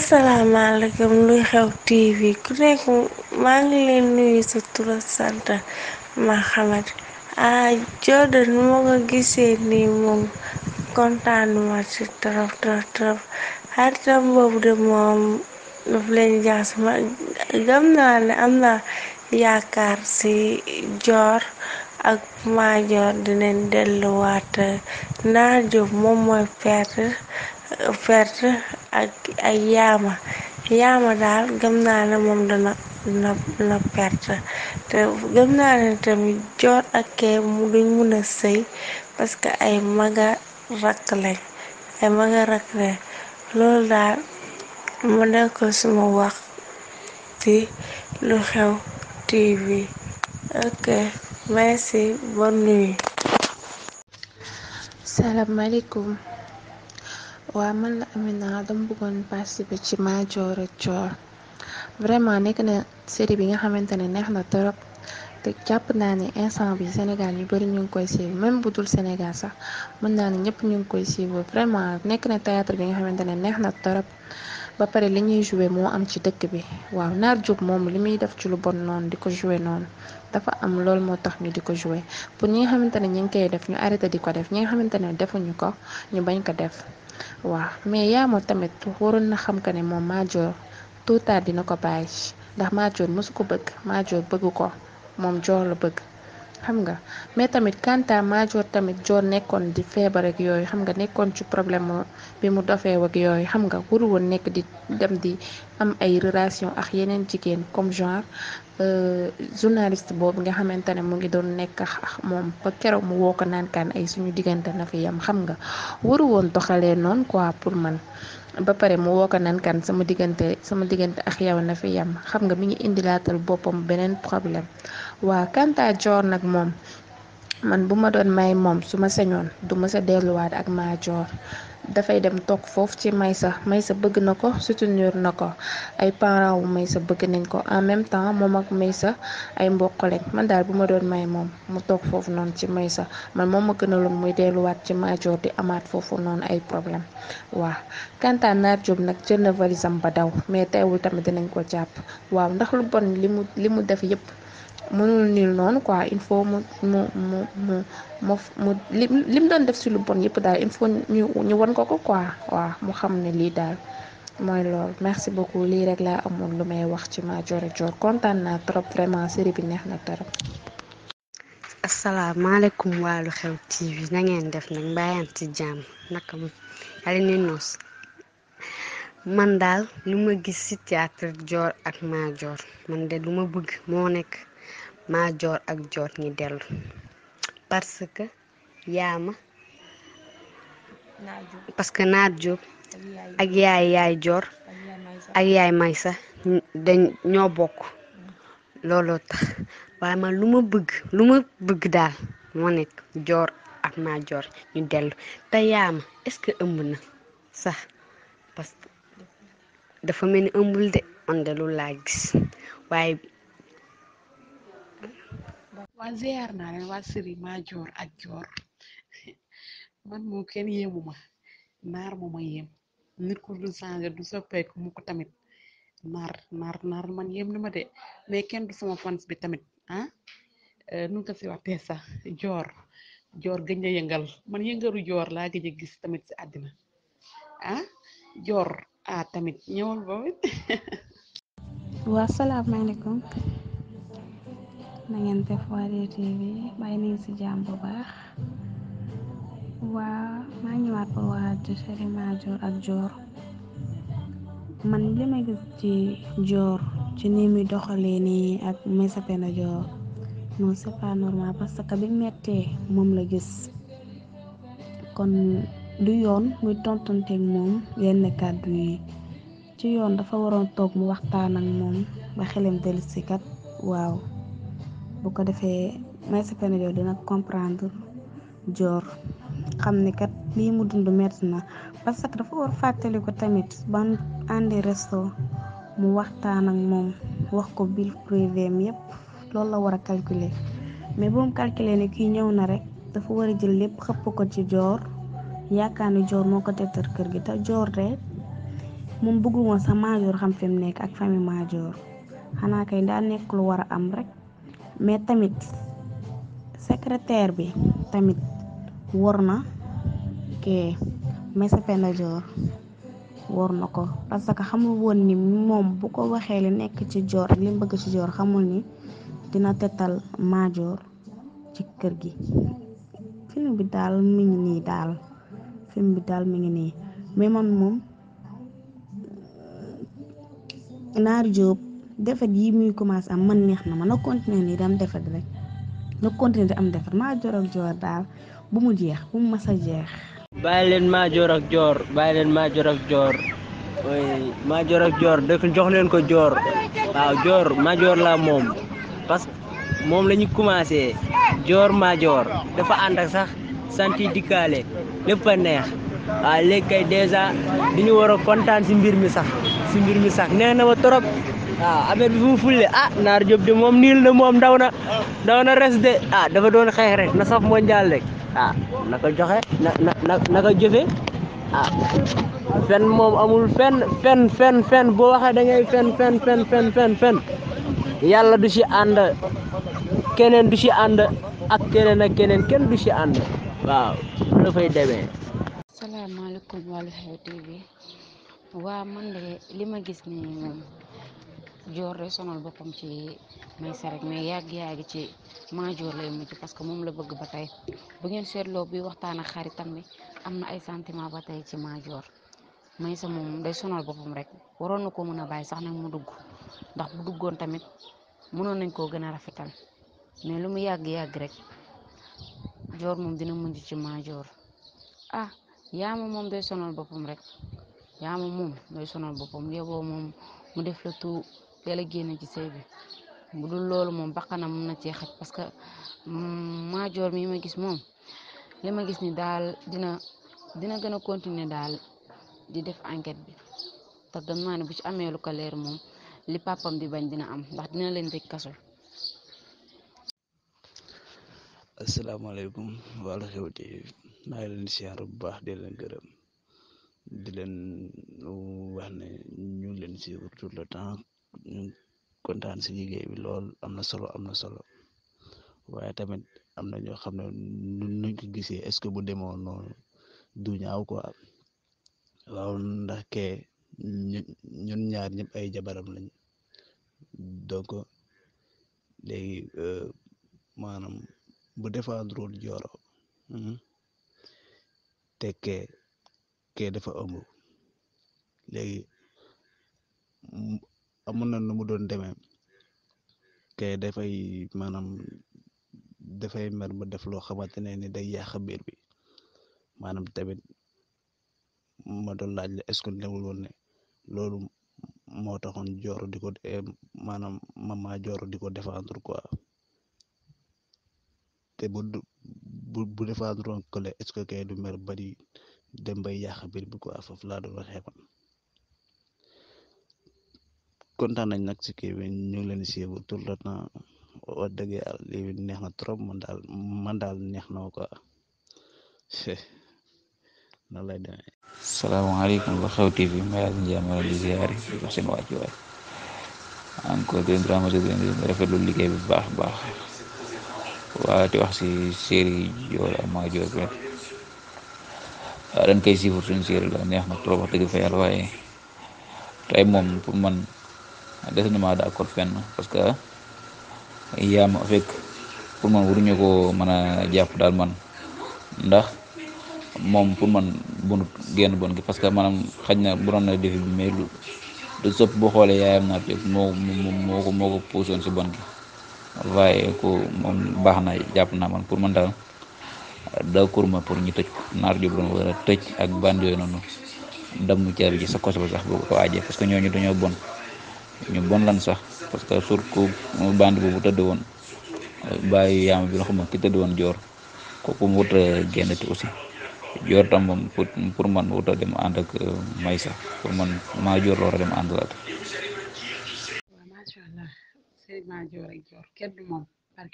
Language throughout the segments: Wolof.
asalaamaaleykum luy xew TV ku nekk maa ngi leen nuyu sa tur ak sant Mahamad a ah, Jordan mu nga gisee nii moom kontaan ma ne am naa yaakaar ci Dior ak Madior dinañ delluwaat naar moom mooy perte perte ak ay yaama yaama daal gëm naa ne moom dana dana dana perte te gëm naa ne tamit joor ak kee duñ mun sëy parce que ay maga rakk lañ ay maga rakk loolu daal mu nekk suma wax ci lu xew TV ok merci bonne nuit waaw man la Amina dama bëggoon participer ci Madior ak Dior vraiment nekk na série bi nga xamante ne neex na torop te jàpp naa ne instant bi Sénégal ñu bëri ñu ngi koy suivre même bu dul Sénégal sax mën naa ne ñëpp ñu ngi koy suivre vraiment nekk na théâtre bi nga xamante ne neex na torop ba pare li ñuy joué moo am ci dëkk bi waaw naar jub moom li muy def ci lu bon noonu di ko joué noonu dafa am lool moo tax ñu di ko joué pour ñi nga xamante ne ñu ngi koy def ñu arrêté di ko def ñi nga xamante ne defuñu ko ñu bañ ko def waaw mais yaa yaamoo tamit waroon na xam que ne moom Madior tôt tard dina ko bàyyi ndax Madior mësu ko bëgg Madior bëgg ko moom Dior la bëgg xam nga mais tamit quant à tamit joor nekkoon di feebar yooyu xam nga nekkoon ci problème bi mu dofee ak yooyu xam nga waru woon nekk di dem di am ay relation ak yeneen jigéen comme genre euh, journaliste boobu nga xamante ne mu ngi doon nekk ak moom ba keroog mu woo ko naankaan ay suñu diggante na fi yam xam nga waru woon doxalee noonu quoi pour man ba pare mu woo ko nankan sama diggante sama diggante ak yow na fi yem xam nga mi ngi indilaatal boppam beneen problème waa Kanta nag moom man bu ma doon may moom su ma señoon du ma sa delluwaat ak maajoor dafay dem toog foofu ci Maysa Maysa bëgg na ko soutenir na ko ay parents wu Maysa bëgg nañ ko en même temps moom ak Maysa ay mbokk lañ man daal bu ma doon may moom mu toog foofu noonu ci Maysa man moom ma gënaloon muy delluwaat ci Madior di amaat foofu noonu ay problème waaw kantaan Naar Diop nag jël na valisam ba daw mais teewul tamit dinañ ko jàpp waaw ndax lu bon li mu li mu def yëpp. mënul nil noonu quoi il faut mu mu mu mu mu mu li mu doon def si lu bon yëpp daal il faut ñu won ko ko quoi waaw mu xam ne lii daal mooy lool merci beaucoup lii rek laa amoon lu may wax ci Madior Dior kontaan naa trop vraiment série bi neex na trop. asalaamaaleykum waa Lu Xew TV na ngeen def nag mbaayaan ci jàmm naka mu yàlla noos man daal lu ma gis ci théâtre Dior ak Madior man de lu ma bëgg moo nekk. maajoor ak joor ñi dellu parce que yaama parce que naat jóob ak yaay yaay joor ak yaay may sax dañ ñoo bokk looloo tax waaye man lu ma bëgg lu ma bëgg daal moo nekk joor ak maajoor ñu dellu te yaama est-ce que ëmb na sax parce que dafa mel ni ëmbul de man de laa gis waaye waa ziar naa leen waa siri maa joor ak joor man moo kenn yéemu ma naar moo ma yéem nit ku du changé du soppeeku mu ko tamit naar naar naar man yéem na ma de mais kenn du sama fans bi tamit ah euh, nu ko si waxtee sax joor joor gëj na yëngal man yëngalu joor laa gëj a gis tamit si àddina ah joor ah tamit ñëwal ba waa salaamaaleykum na ngeen def waa DTV bàyyi nañ si jàmm bu baax waa maa ñëwaat waxaat ci Seri Madior ak Dior man li ma gis ci joor ci ni muy doxalee nii ak Maïssa Penda Dior non c'est pas normal parce que bi mettee moom la gis kon du yoon muy tontanteeg moom yenn kàddu yi ci yoon dafa waroon toog mu waxtaan ak moom ba xelam dellusi waaw bu ko defee Maïssa Penda Diop dina comprendre joor xam ni kat lii mu dund metti na parce que dafa war fàttali ko tamit ban àndi resto mu waxtaan ak moom wax ko bill privé am yépp loolu la war a calculer mais bu mu calculer ne kii ñëw na rek dafa war a jël lépp xëpp ko ci joor yaakaar ne joor moo ko tettar kër gi te joor de moom bëggu woon sax maajoor xam fi mu nekk ak famille maajoor xanaa kay daa nekk lu war a am rek mais tamit secrétaire bi tamit war na kee Maître na ko parce que xamul woon ni moom bu ko waxee li nekk ci joor li bëgg ci joor xamul ni dina tëtal maajoor ci kër gi film bi daal mi ngi nii daal film bi daal mi ngi nii mais moom naar jóob defet yi muy commencé am man neex na ma na continuer nii dam defet rek na continuer di am defet maa joor ak joor daal bu mu jeex bu mu mas a jeex bàyyi leen maa joor ak joor bàyyi leen maa joor ak joor maa joor ak joor dëkk jox leen ko joor waaw joor maa la moom parce que moom la ñu commencé joor maa dafa ànd ak sax santi dikkaale lépp a neex waaw léegi kay dèjà di war a pontaan si mbir mi sax si mi sax neex na ma trop waaw ah, affaire bi fu mu fulle ah naar Diop de moom niil na moom ndaw na ndaw res de ah dafa doon xeex rek na saf mondial rek ah na joxe na na na ko jëfe ah fen moom amul fen fen fen boo waxee da ngay fen fen fen fen yàlla du ci ànd keneen du ci ànd ak keneen ak keneen kenn du ci ànd waaw la fay demee salaamaaleykum wàllu xew tv waa man de li ma gis nii moom joor day sonal boppam ci Maysa rek mais yàgg yàgg ci Madior lay mujj parce que moom la bëgg ba tey bu ngeen seetloo bi waxtaan ak xaritam bi am na ay sentiment ba tey ci Madior Maysa moom day sonal boppam rek waroon na ko mën a bàyyi sax nag mu dugg ndax bu duggoon tamit mënoon nañ koo gën a rafetal mais lu mu yàgg yàgg rek joor moom dina mujj ci Madior ah moom day sonal boppam rek moom mu def la tout. teel a génn ci sëy bi bu dul loolu moom bakkanam mun na cee parce que maajoor mi ma gis moom li ma gis ni daal dina dina gën a continuer daal di def enquête bi tax gëm naa ne bu ci amee lu ko leer moom li papam di bañ dina am ndax dina leen tëj kaso. asalaamaaleykum waa Lu Xew TV maa ngi leen di siyaar bu baax di leen gërëm di leen wax ne ñu leen suivre tout le temps ñu kontaan si liggéey bi lool am na solo am na solo waaye tamit am na ñoo xam ne nuñ ko gisee est ce que bu demoon noonu du ñaaw quoi waaw ndax ke ñun ñaar ñëpp ay jabaram lañ donc léegi euh, maanaam bu défendrul jooro hmm, te kee kee dafa ëmb léegi amoon na nu mu doon demee ke dafay maanaam dafay mer ba def loo xamante ne ni day yàq biir bi maanaam tamit ma doon laaj la est-ce woon ne loolu moo taxoon joor di ko eh, maanaam mama joor di ko défendre quoi te bu bu bu défendre woon est-ce que kay du mer ba di dem bay yàq biir bi quoi foofu laa doon waxee man kontaan nañ nag si kii bi ñu ngi leen di suivre tout le temps dëgg neex na trop man daal man daal neex na ko nan lay demee. salaamaaleykum Lu Xew TV maa ngi leen di jaamale di ziare di jox seen wàccuwaay bi baax baax waaye di wax si série Jool ak Maa Jool rek dañ koy suivre suñu la neex na trop wax dëgg fa yàlla waaye tey moom pour man. desinuma d'accord fenn parce que yaa ma fekk pour man waruñu ko mën a jàpp daal man ndax moom pour man bunut génn bon gi parce que maanaam xaj na bu doon na defi bi mais lu sëpp boo xoole yaayam naa fekk moo moo ko moo si bon gi waaye ko moom baax na jàpp naa man pour man daal da kurma pour ñu tëj ko naar ju doon war a tëj ak band yooyu noonu damm caar ji sa kosoba sax bu ko aajee parce que ñooñu dañoo bon ñu bon lan sax parce que surtout bande boobu tëdd woon bàyyi yaama bi nga xam ki tëdd woon joor kooku mu wut a eh, génn aussi joor tam moom pour man wut dem ànd ak eh, may sax pour man maa joor lool a dem ànd laat. macha allah sëñ maa joor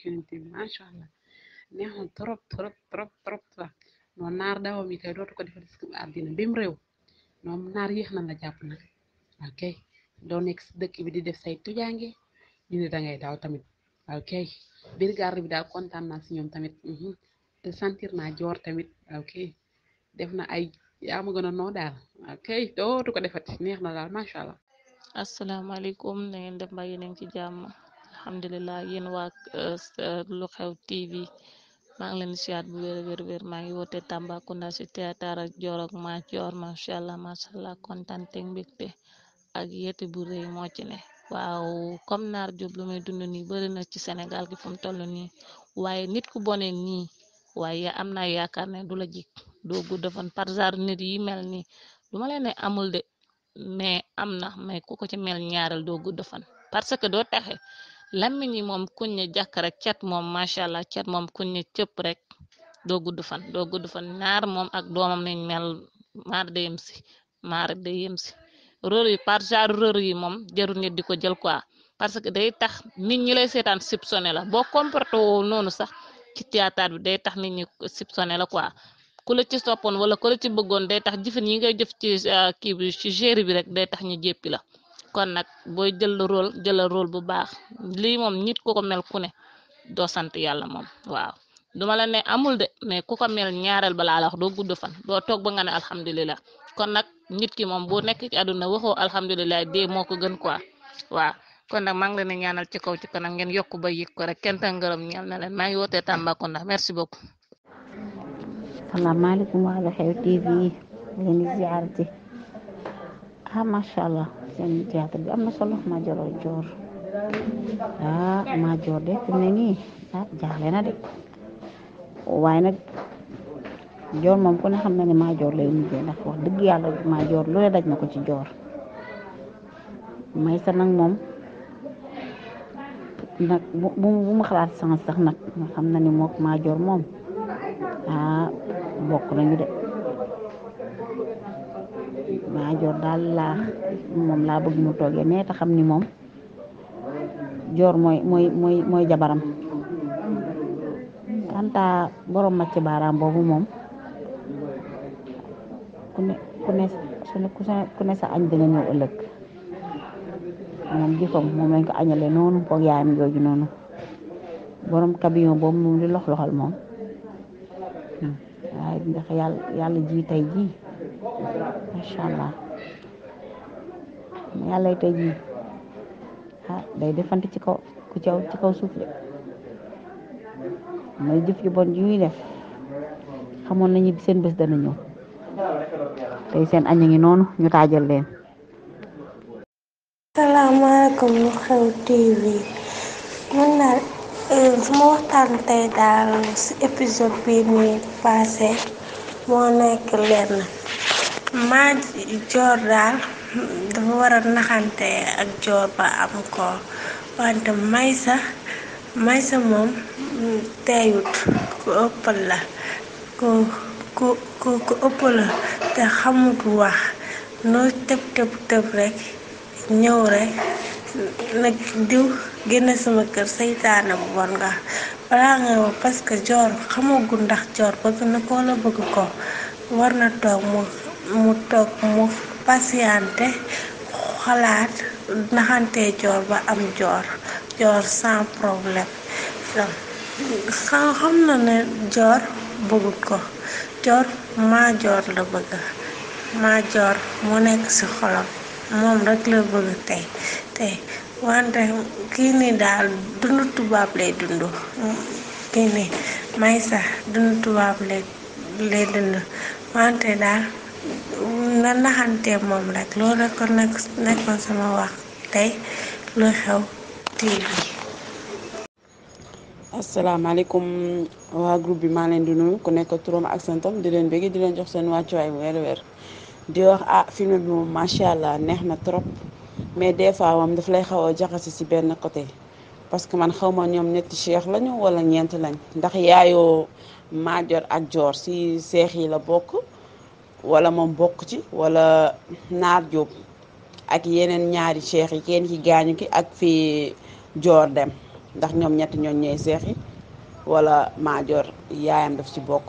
neex na trop trop trop trop sax naar daawam yi kay dootu ko defal ci àddina bi mu réew moom naar yéex na la jàpp nag doo nekk si dëkk bi di def say tujaange ñu ne da ngay daaw tamit ok brigade bi daal kontaan naa si ñoom tamit mhm, te sentir naa joor tamit ok def na ay yaa ma gën a noo daal ok dootu ko defati neex na daal macha allah. asalaamaaleykum na ngeen def mbaa yéen ci jàmm alhamdulilah yéen waa euh, lu xew TV maa ngi leen siyaat bu wér wér wér maa ngi woote Tambacounda si théâtre ak Dior ak ma Dior macha allah macha allah kontaan te mbégte. ak yeti bu rëy moo ci ne waaw comme naar Jóob lu may dund nii bari na ci Sénégal gi fu mu toll nii waaye nit ku bone nii waaye am naa yaakaar ne du la jik doo gudd par genre nit yi mel nii du ma leen ne amul de mais am na mais ku ko ci mel ñaaral doo gudd fan parce que doo texe lammiñ moom kuñ ne jàkk rek cet moom macha allah cet moom kuñ ne cëpp rek doo gudd fan gudd fan naar moom ak doomam nañ mel maar de yem maar de yem rër yi par genre rër yi moom jarul nit di ko jël quoi parce que day tax nit ñi lay seetaan soupçonné la boo comporté woo noonu sax ci théâtre bi day tax nit ñi soupçonné la quoi ku la ci soppoon wala ku la ci bëggoon day tax jëfin yi ngay jëf ci euh, kii bi ci géri bi rek day tax ñu jéppi la kon nag booy jël rôle jëlal rôle bu baax lii moom nit ku ko mel ku ne doo sant yàlla moom waaw duma la ne amul de mais ku ko mel ñaareel balaa la wax doo gudd fan doo toog ba nga ne alhamdulilah kon nag nit ki moom boo nekk ci àdduna waxoo alhamdulilah dee moo ko gën quoi waaw kon nag maa ngi leen di ñaanal ci kaw ci kanam ngeen yokk ba yëg ko rek kenta ngërëm ñeel na leen maa ngi wootee Tambacounda merci beaucoup salaamaaleykum wa Lu Xew TV leen di ziarati ah macha allah seen théâtre bi am na solo ma joor ah ma de fi nii ah jaaxle na de waaye joor moom ku ne xam na ne maa joor lay mujjee ndax wax dëgg yàlla maa joor lu ne daj na ko ci joor may sa nag moom nag bu bu mu xalaat sens sax nag nga xam na ni moom maa joor moom ah bokk nañu de maa joor daal laa moom laa bëgg mu toogee mais xam ni moom joor mooy mooy mooy mooy jabaram kanta borom ci baaraam boobu moom ku ne ku ne sa añ dina ñëw ëllëg moom jikkoom moom lañ ko añale noonu boog yaayam jooju noonu borom camion boobu moom di lox loxal moom waaye yàlla ji tey ji macha allah yàlla tey ji day defante ci kaw ku ci kaw suuf de mooy jëf ju bon ju ñuy def xamoon nañu seen bés dana ñëw. tey seen añ a ngi noonu ñu taajal leen. salaamaaleykum Lu Xew TV mën naa euh, suma waxtaan daal si épisode bi muy passé moo nekk lenn maa joor daal dafa war a naxante ak joor ba am ko wante Maysa Maysa moom mm, teeyut ku ëppal la ku ku ëpp la te xamut wax noo tëb tëb tëb rek ñëw rek nag diw génn sama kër saytaane bu bon nga balaa nga wax parce joor xamagul ndax joor bëgg na ko la bëgg ko war na toog mu mu toog mu patiente xalaat naxante joor ba am joor joor sans problème xam na ne joor bëggut ko Dior Madior la bëgg nekk ci xolam moom rek la tey tey wante kii ni daal dundu tubaab lay dundu kii ni may sax dundu tubaab lay lay dundu wante daal na naxantee moom rek loolu nekkoon sama wax tey lu xew TV asalaamaaleykum waa groupe bi maa leen di nuyu ku nekk turam ak santam di leen bëgg di leen jox seen wàccuwaay weer weer di wax ah film bi moom macha allah neex na trop mais des fois moom daf lay xaw a jaxase si benn côté parce que man xaw ma ñoom ñetti cheikh lañu wala ñeent lañ ndax yaayoo Madior ak joor si seex yi la bokk walla moom bokk ci wala Naar Diop ak yeneen ñaari cheikh yi kenn ki gaañu ki ak fii joor dem. ndax ñoom ñetti ñooñ ñooy seex yi wala maajoor yaayam daf ci bokk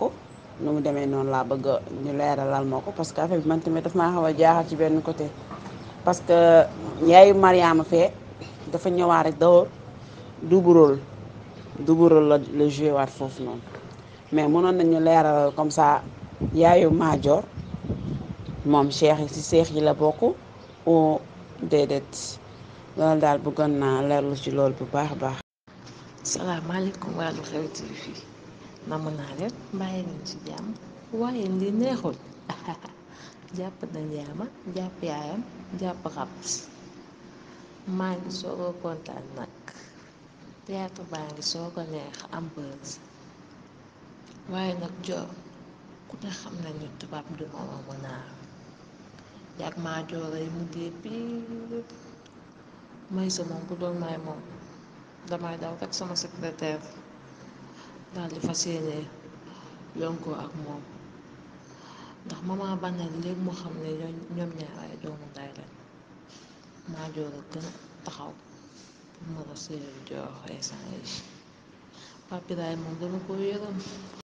nu mu demee noonu laa bëgg ñu leeralal moo ko parce que affaire bi man tamit daf maa xaw a jaaxal ci benn côté parce que yaayu Mariama fee dafa ñëwaat rek dawor double rôle double rôle la la joué waat foofu noonu mais mënoon ñu leeralal comme ça yaayu maajoor moom seex yi si seex yi la bokk o déedéet loolu daal bëggoon naa leerlu ci loolu bu baax baax salaamaaleykum waa Lu Xew TV namm naa leen bàyyi nañ ci jàmm waaye li neexul jàpp na njaama jàpp yaayam jàpp xabs maa ngi soog kontaan nag théâtre baa ngi soog a neex am bës waaye nag joor ku ne xam nañu tubaab du moroomu naar yàgg maa joora yi mu dee may sa moom ku doon may moom damay daw teg sama secrétaire daal di fas yéene lonkoo ak moom ndax maman Banel léegi moo xam ne ñoom ñaar ay doomu nday lañ maa joor a gën a taxaw pour mën a séeréer jox ay yi Pape moom dama ko yërëm